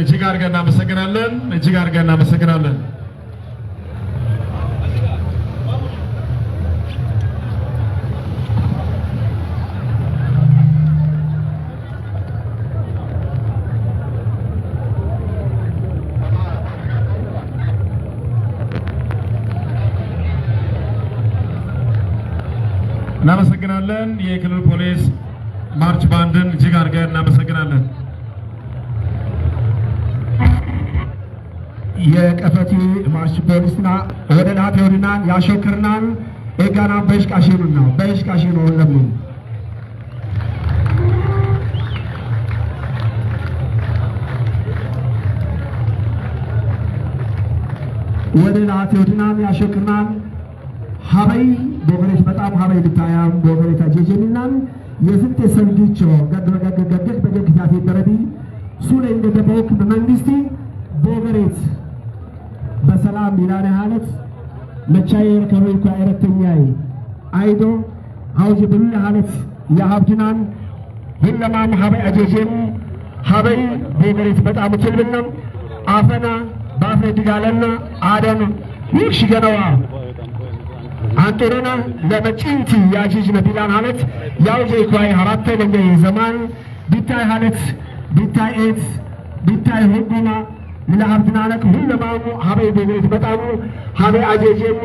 እግዚአብሔርን እጅግ አድርገን እናመሰግናለን። እጅግ አድርገን እናመሰግናለን። እናመሰግናለን። የክልል ፖሊስ ማርች ባንድን እጅግ አድርገን እናመሰግናለን። የቀፈቲ ማርች ማርሽቦሊስና ወደ ላት ወድናን ያሾክርናን ኤጋና በሽቃሽኑና በሽቃሽኑ ወለሙ ወደ ላት ወድናን ያሾክርናን ሀበይ ቦገሬት በጣም ሀበይ ብታያም ቦገሬት አጀጀሚናን የስንት ሰንዲቾ ገድ በገድ ገድ በገድ ያቴ ደረቢ ሱለ እንደደበክ በመንግስቲ ቦገሬት በሰላም ይላነ ሀለት መቻየር ከበይኳ ኤረተኛይ አይዶ አውጅ ብሉለ ሀለት የሀብድናን ይለማም ሀበይ አጀጄም ሀበይ ቤገሬት በጣም ትልብነም አፈና በአፍሬ ድጋለና አደን ይሽ ገነዋ አንጦሮና ለመጪንቲ ያጅጅ ነቢላን ሀለት ያውጀ ይኳይ ሀራተ ለኛ የዘማን ቢታይ ሀለት ቢታይ ኤት ቢታይ ህጉና ምለአብትናነክ ሁለማሙ ሀበይ ቤቤት በጣሙ ሀበይ አጀጀሙ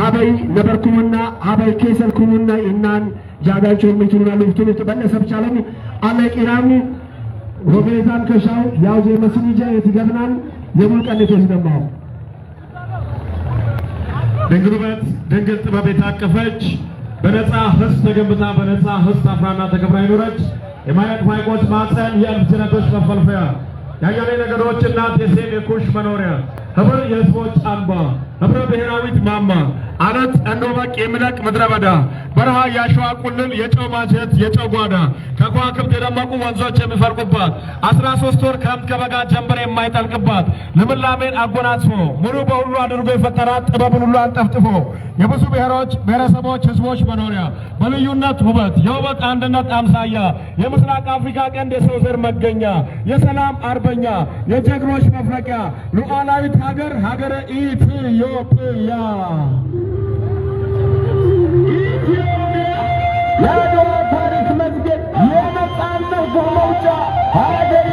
ሀበይ ነበርኩሙና ሀበይ ኬሰልኩምና እናን ጃጋቸው የሚትሉናሉ ትሉት በነሰብ ቻለም አለቂራሙ ሮቤዛን ከሻው ያው የመስኒጃ የትገብናል የሙልቀኔቶች ደማው ድንግልበት ድንግል ጥበብ የታቀፈች በነፃ ህስ ተገንብታ በነፃ ህስ አፍራና ተከብራ ይኖረች የማየት ማይቆች ማፀን የእልፍትነቶች መፈልፈያ የአያሌ ነገዶች እናት የሴም የኩሽ መኖሪያ ህብር የህዝቦች አንባ ህብረ ብሔራዊት ማማ አለት እንደ የሚለቅ ምድረ በዳ በረሃ ያሸዋ ቁልል የጨው ማጀት የጨው ጓዳ ከከዋክብት የደመቁ ወንዞች የሚፈልቁባት አስራ ሶስት ወር ክረምት ከበጋ ጀንበር የማይጠልቅባት ልምላሜን አጎናጽፎ ሙሉ በሁሉ አድርጎ የፈጠራት ጥበብን ሁሉ አንጠፍጥፎ የብዙ ብሔሮች ብሔረሰቦች ህዝቦች መኖሪያ በልዩነት ውበት የውበት አንድነት አምሳያ የምስራቅ አፍሪካ ቀንድ የሰው ዘር መገኛ የሰላም አርበኛ የጀግኖች መፍለቂያ ሉዓላዊት ሀገር ሀገረ ኢትዮጵያ የአድዋ ታሪክ መዝገብ የነጻነት መውጫ ሀገር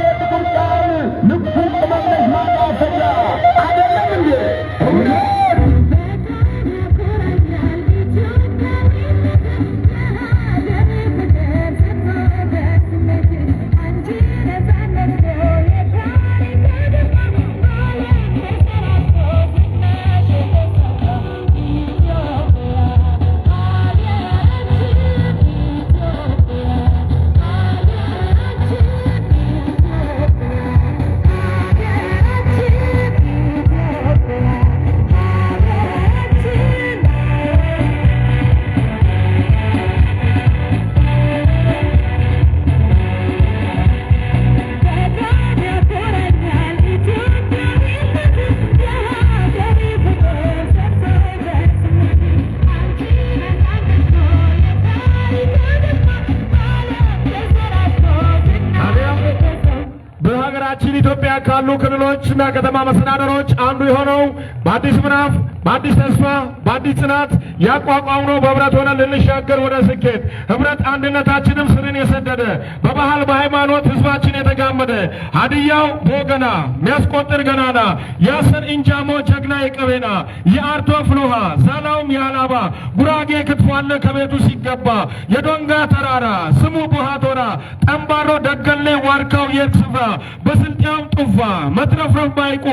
የአዲስና ከተማ መስተዳደሮች አንዱ የሆነው በአዲስ ምዕራፍ በአዲስ ተስፋ በአዲስ ጽናት ያቋቋምነው በህብረት ሆነ ልንሻገር ወደ ስኬት ህብረት አንድነታችንም ስርን የሰደደ በባህል በሃይማኖት ህዝባችን የተጋመደ ሀዲያው ቦገና የሚያስቆጥር ገናና የአስር እንጃሞ ጀግና የቀቤና የአርቶ ፍሎሃ ዛላውም የአላባ ጉራጌ ክትፎ አለ ከቤቱ ሲገባ የዶንጋ ተራራ ስሙ ቡሃቶራ ጠምባሮ ደገሌ ዋርካው የርስፋ በስልጤው ጡፋ መትረፍረፍ ባይቁ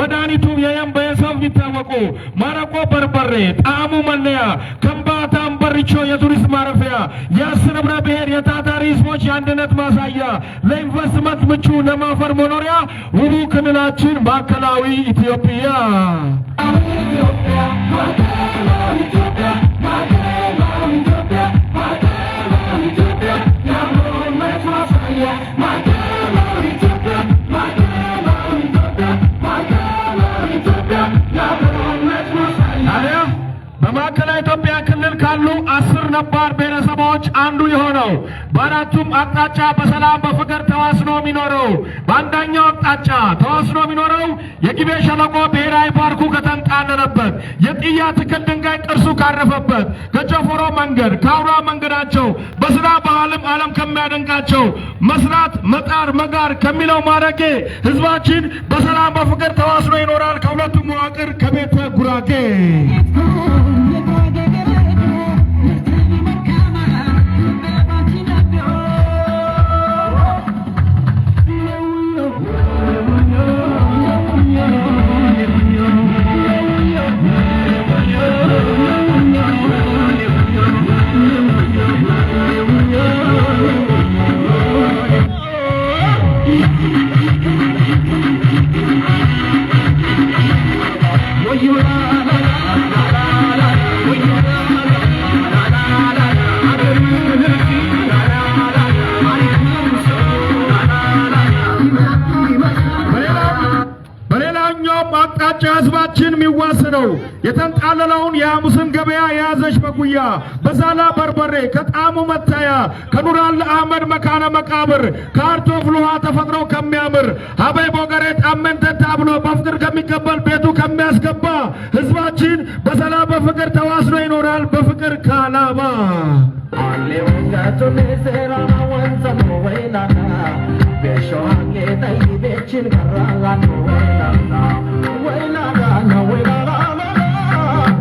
መድኃኒቱ የየም በየሰብ ይታወቁ ማረቆ በርበሬ፣ ጣዕሙ መለያ፣ ከምባታ አንበሪቾ የቱሪስት ማረፊያ፣ የስርብረ ብሔር የታታሪ ህዝቦች የአንድነት ማሳያ፣ ለኢንቨስትመንት ምቹ፣ ለማፈር መኖሪያ ውቡ ክልላችን ማዕከላዊ ኢትዮጵያ በማዕከላዊ ኢትዮጵያ ክልል ካሉ አስር ነባር ብሔረሰቦች አንዱ የሆነው በአራቱም አቅጣጫ በሰላም በፍቅር ተዋስኖ የሚኖረው በአንደኛው አቅጣጫ ተዋስኖ የሚኖረው የጊቤ ሸለቆ ብሔራዊ ፓርኩ ከተንጣለለበት የጥያ ትክል ድንጋይ ጥርሱ ካረፈበት ከጨፎሮ መንገድ ከአውራ መንገዳቸው በስራ ባህልም ዓለም ከሚያደንቃቸው መስራት መጣር መጋር ከሚለው ማረጌ ህዝባችን በሰላም በፍቅር ተዋስኖ ይኖራል። ከሁለቱ መዋቅር ከቤተ ጉራጌ የቀጠለውን የሐሙስን ገበያ የያዘች በጉያ በዛላ በርበሬ ከጣሙ መታያ ከኑራል አህመድ መካነ መቃብር ከአርቶፍ ፍልሃ ተፈጥሮ ከሚያምር አበይ ቦገሬ ጣመንተታ ብሎ በፍቅር ከሚቀበል ቤቱ ከሚያስገባ ህዝባችን በሰላ በፍቅር ተዋስኖ ይኖራል። በፍቅር ካላባ ጌ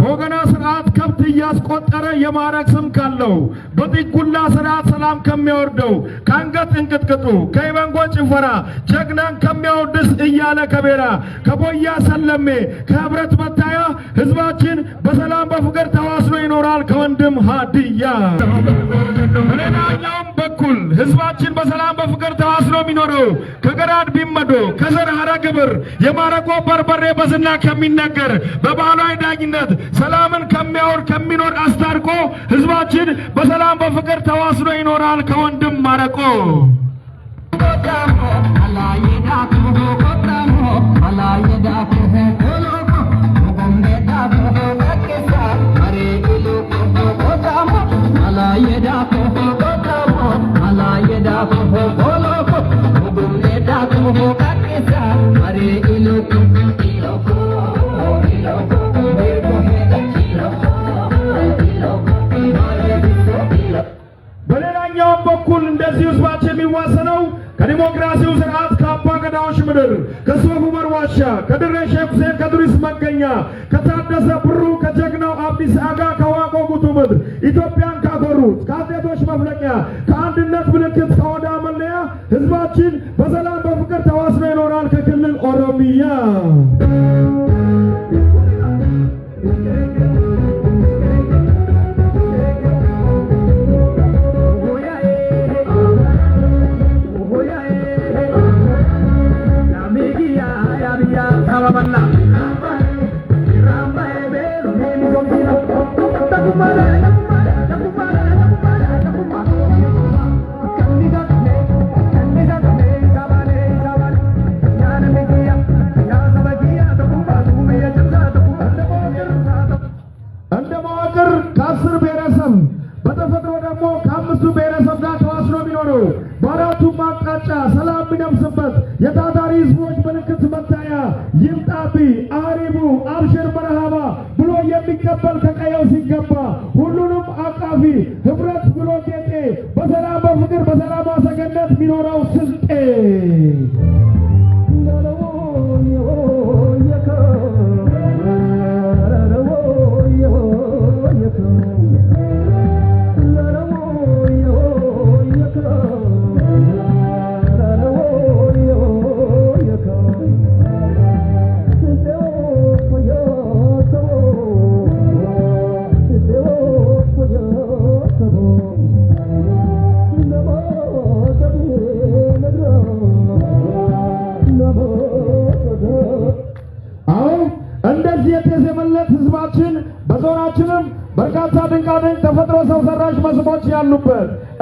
በወገና ስርዓት ከብት እያስቆጠረ የማዕረግ ስም ካለው በጢጉላ ስርዓት ሰላም ከሚያወርደው ከአንገት እንቅጥቅጡ ከይበንጎ ጭፈራ ጀግናን ከሚያወድስ እያለ ከቤራ ከቦያ ሰለሜ ከህብረት መታያ ህዝባችን በሰላም በፍቅር ተዋስሎ ይኖራል ከወንድም ሀዲያ በኩል ህዝባችን በሰላም በፍቅር ተዋስኖ የሚኖረው ከገራድ ቢመዶ ከዘር ሀረግብር የማረቆ በርበሬ በዝና ከሚነገር በባህላዊ ዳኝነት ሰላምን ከሚያወር ከሚኖር አስታርቆ ህዝባችን በሰላም በፍቅር ተዋስኖ ይኖራል ከወንድም ማረቆ በሌላኛውም በኩል እንደዚህ ህዝባችን የሚዋሰነው ከዲሞክራሲው ስርዓት ከአባ ገዳዎች ምድር ከሶፍ መርዋሻ ከድሬ ሼክ ሁሴን ከቱሪስት መገኛ ከታደሰ ብሩ ከጀግናው አብዲስ አጋ ከዋቆ ጉቱ ምድር ኢትዮጵያን ከአፈሩት ከአትሌቶች መፍለቂያ ከአንድነት ምልክት ከወዳ መለያ ህዝባችን በሰላም በፍቅር ተዋስኖ ይኖራል። ከክልል ኦሮሚያ የዛሬ ህዝቦች ምልክት መታያ ይምጣቢ አሪቡ አብሽር መርሃባ ብሎ የሚቀበል ከቀየው ሲገባ ሁሉንም አቃፊ ህብረት ብሎ ጌጤ በሰላም በፍቅር በሰላም አሰገነት ሚኖረው ስልጤ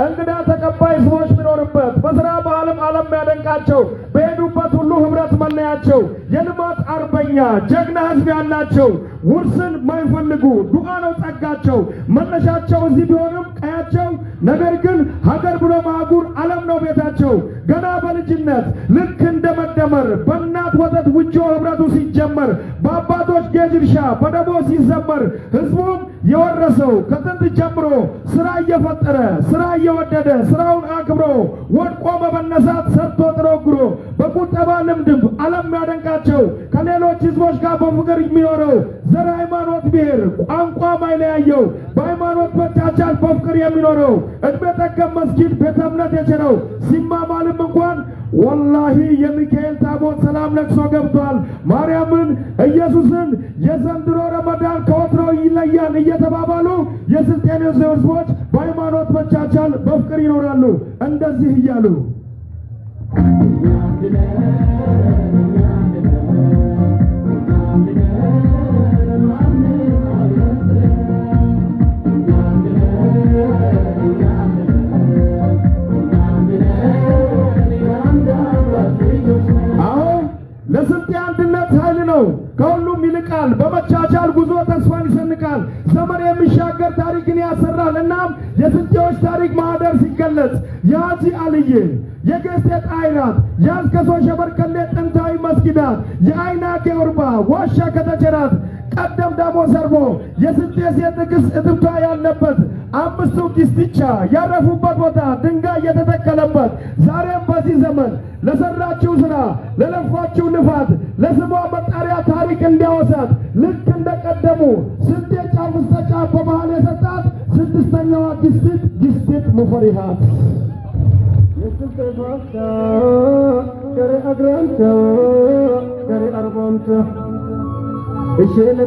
እንግዳ ተቀባይ ህዝቦች ቢኖርበት በስራ በዓለም ዓለም ያደንቃቸው በሄዱበት ሁሉ ህብረት መለያቸው የልማት አርበኛ ጀግና ህዝብ ያላቸው ውርስን ማይፈልጉ ዱዓ ነው ጸጋቸው መነሻቸው እዚህ ቢሆንም ቀያቸው ነገር ግን ሀገር ብሎ ማጉር ዓለም ነው ቤታቸው ገና በልጅነት ልክ እንደ መደመር በእናት ወተት ውጆ ህብረቱ ሲጀመር በአባቶች ጌጅ እርሻ በደቦ ሲዘመር ህዝቡም የወረሰው ከጥንት ጀምሮ ስራ እየፈጠረ ስራ እየወደደ ስራውን አክብሮ ወድቆ በመነሳት ሰርቶ ጥሮ ግሮ በቁጠባ ልምድም ዓለም ያደንቃቸው ከሌሎች ህዝቦች ጋር በፍቅር የሚኖረው ዘር፣ ሃይማኖት፣ ብሔር፣ ቋንቋ ማይለያየው በሃይማኖት መቻቻል በፍቅር የሚኖረው እድሜ ጠገብ መስጊድ ቤተ እምነት የቸረው ሲማማልም እንኳን ወላሂ የሚካኤል ታቦት ሰላም ለቅሶ ገብቷል። ማርያምን ኢየሱስን የዘንድሮ ረመዳን ከወትሮ ይለያል እየተባባሉ የስልጤኔዎስ ህዝቦች በሃይማኖት መቻቻል በፍቅር ይኖራሉ እንደዚህ እያሉ ይሰንቃል። በመቻቻል ጉዞ ተስፋን ይሰንቃል። ዘመን የሚሻገር ታሪክን ያሰራል። እናም የስንቴዎች ታሪክ ማህደር ሲገለጽ የሀጂ አልዬ የገስቴ ጣይናት የአስከሶ ሸበርከሌ ጥንታዊ መስጊዳት የአይና ኬርባ ዋሻ ከተቸራት ቀደም ደሞ ሰርቦ የስልጤ ሴት ንግሥት እትብቷ ያለበት አምስቱ ጊስቲቻ ያረፉበት ቦታ ድንጋይ የተተከለበት ዛሬም በዚህ ዘመን ለሰራችው ስራ ለለፋችው ልፋት ለስሟ መጣሪያ ታሪክ እንዲያወሳት ልክ እንደቀደሙ ስልጤ ጫፍ እስከ ጫፍ በባህል የሰጣት ስድስተኛዋ ጊስቲት ጊስቲት ሙፈሪሃት ገሬ አግራንተ ገሬ አርቦምተ धर्म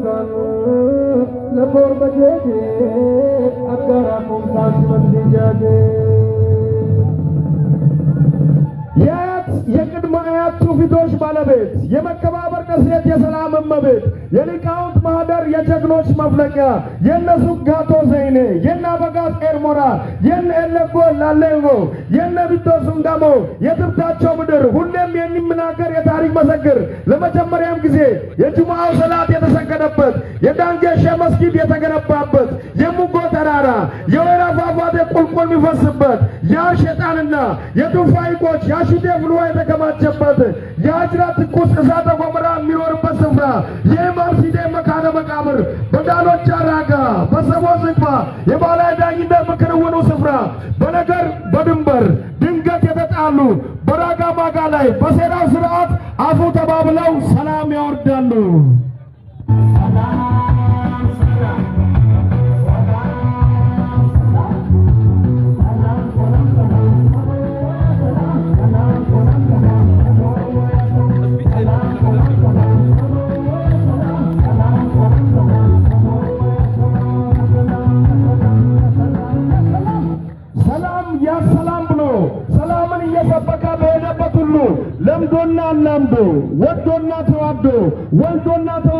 सफ़ो बजे अकारा पंसागली जा የአያት የቅድመ አያት ትውፊቶች ባለቤት የመከባበር ደሴት የሰላም እመቤት የሊቃውንት ማህደር የጀግኖች መፍለቂያ የነ ሱጋቶ ዘይኔ የነ አበጋዝ ኤርሞራ የነ ኤለጎ ላለንጎ የነ ቢቶሱም ደሞ የትብታቸው ምድር ሁሌም የሚናገር የታሪክ መሰግር ለመጀመሪያም ጊዜ የጁምዓው ሰላት የተሰገደበት የዳንጌሼ መስጊድ የተገነባበት የሙጎ ተራራ የወይራ ፏፏቴ ቁልቁል የሚፈስበት ያ ሸጣንና የቱፋይቆች ያ ሽቴ ፍልዋ የተከማቸበት የአጅራ ትኩስ እሳተ ጎምራ የሚኖርበት ስፍራ ይህም መካነ መቃብር በዳኖች አራጋ በሰቦ ዝግባ የባላይ ዳኝነት ምክር ስፍራ በነገር በድንበር ድንገት የተጣሉ በራጋ ማጋ ላይ በሴራው ስርዓት አፉ ተባብለው ሰላም ያወርዳሉ። ወዶና ተዋዶ ወልዶና ተዋ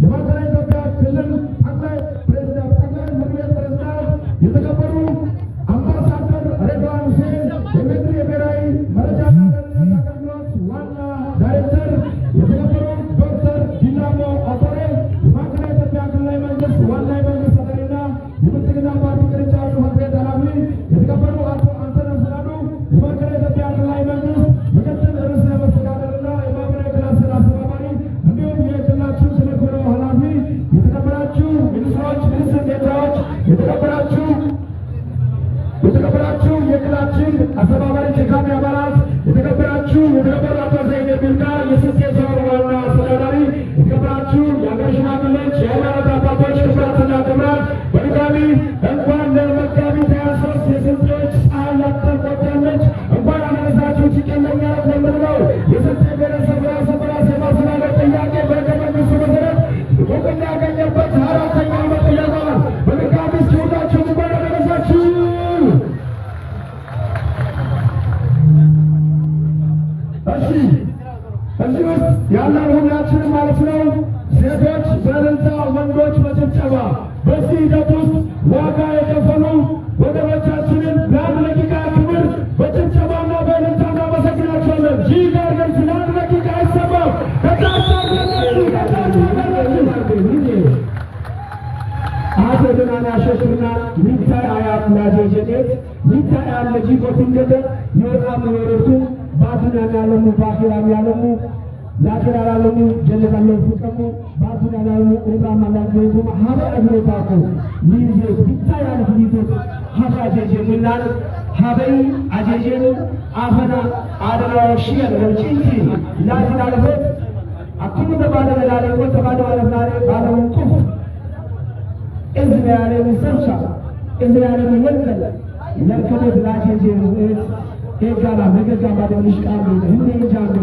demokrat ሀበይ አጀጀን አፈና አደናዎሺ ያደረውጪንቲ ላትላለፈት አኩሙ ተባለ መላለቆ ተባለ ባለፍላሬ ባለውን ቁፍ እዝነ ያለ ምሰብሻ እዝነ ያለ ምመልከለ ለርከበት ላጀጀን እዝ ሄጋላ ነገጋ ባደንሽ ቃሉ ህንዴ ጃሉ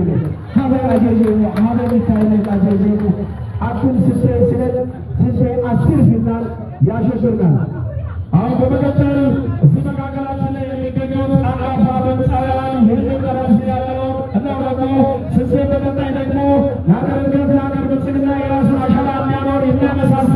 ሀበይ አጀጀን ሀበይ ሚታይነት አጀጀን አኩም ስሴ ስለት ስሴ አስር ሲናል ያሸሽናል አሁን በመቀጠል እዚህ ደግሞ ለሀገር እድገት ለሀገር ብልጽግና የራሱን አሻራ የሚያኖር የሚያነሳሳ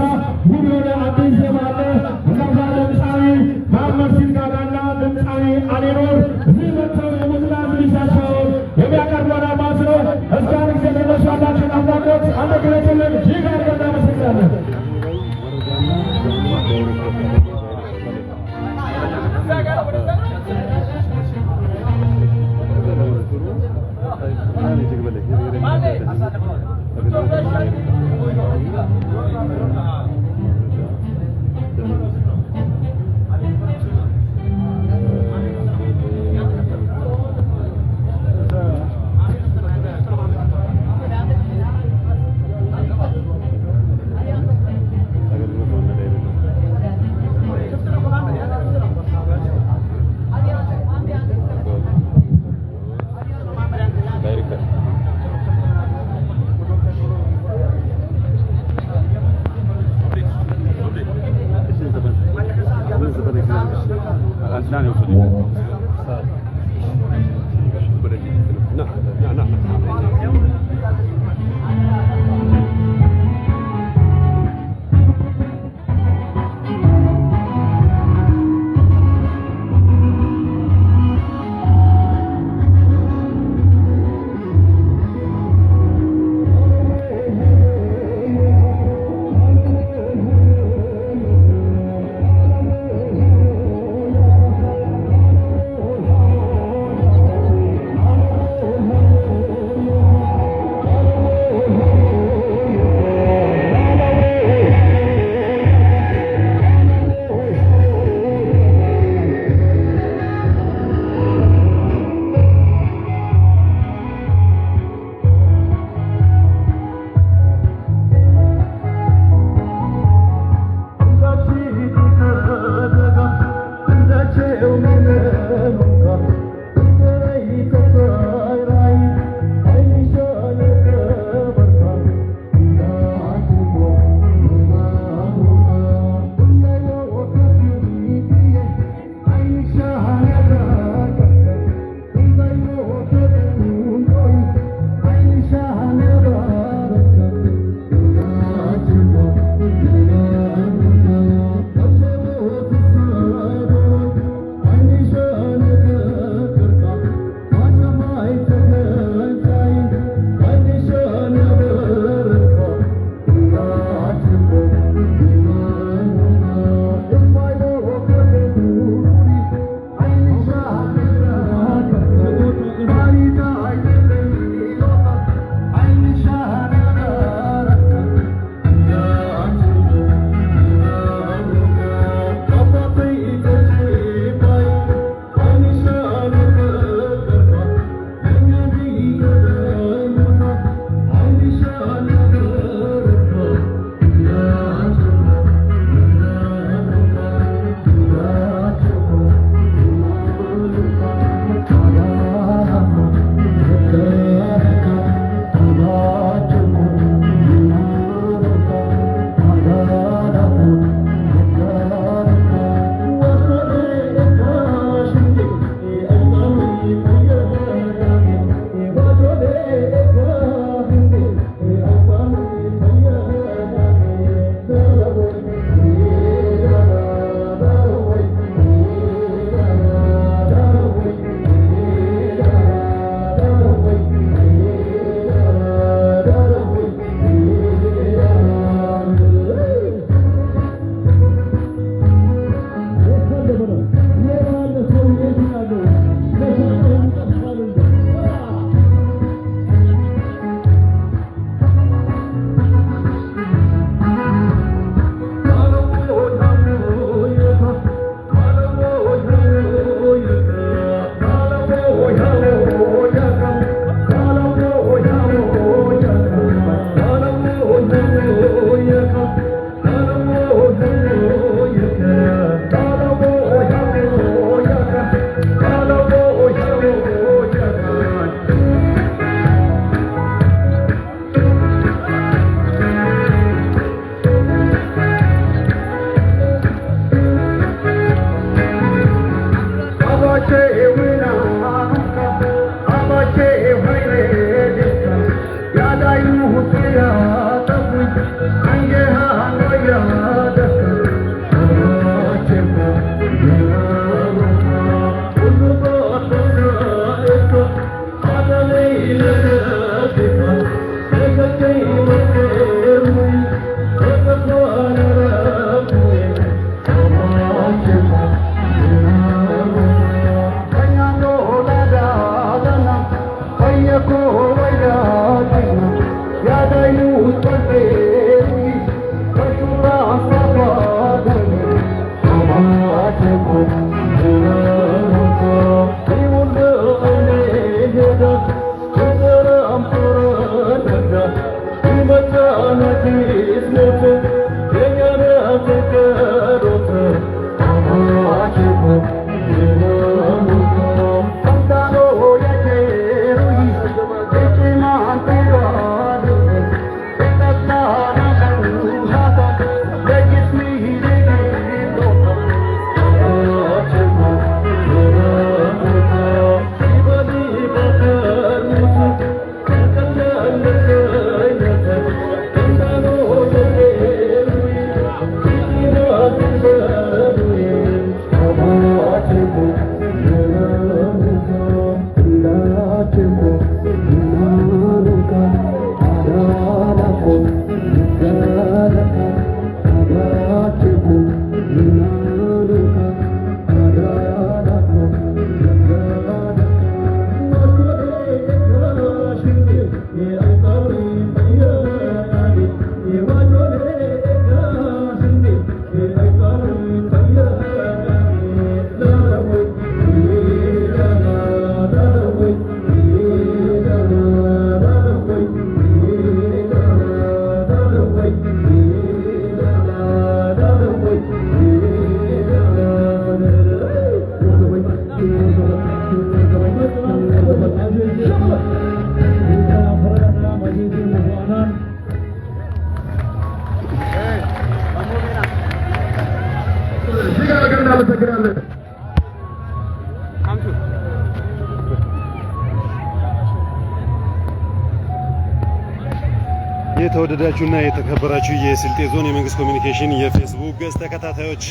የተወደዳችሁና የተከበራችሁ የስልጤ ዞን የመንግስት ኮሚኒኬሽን የፌስቡክ ገጽ ተከታታዮች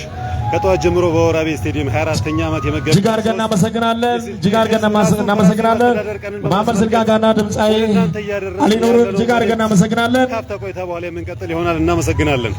ከጠዋት ጀምሮ በወራቤ ስቴዲየም 24ኛ ዓመት የመገብ እጅግ አድርገን እናመሰግናለን። እጅግ አድርገን እናመሰግናለን። ማመር ዝጋጋና ድምፃዊ አሊኑር እጅግ አድርገን እናመሰግናለን። ካፍታ ቆይታ በኋላ የምንቀጥል ይሆናል። እናመሰግናለን።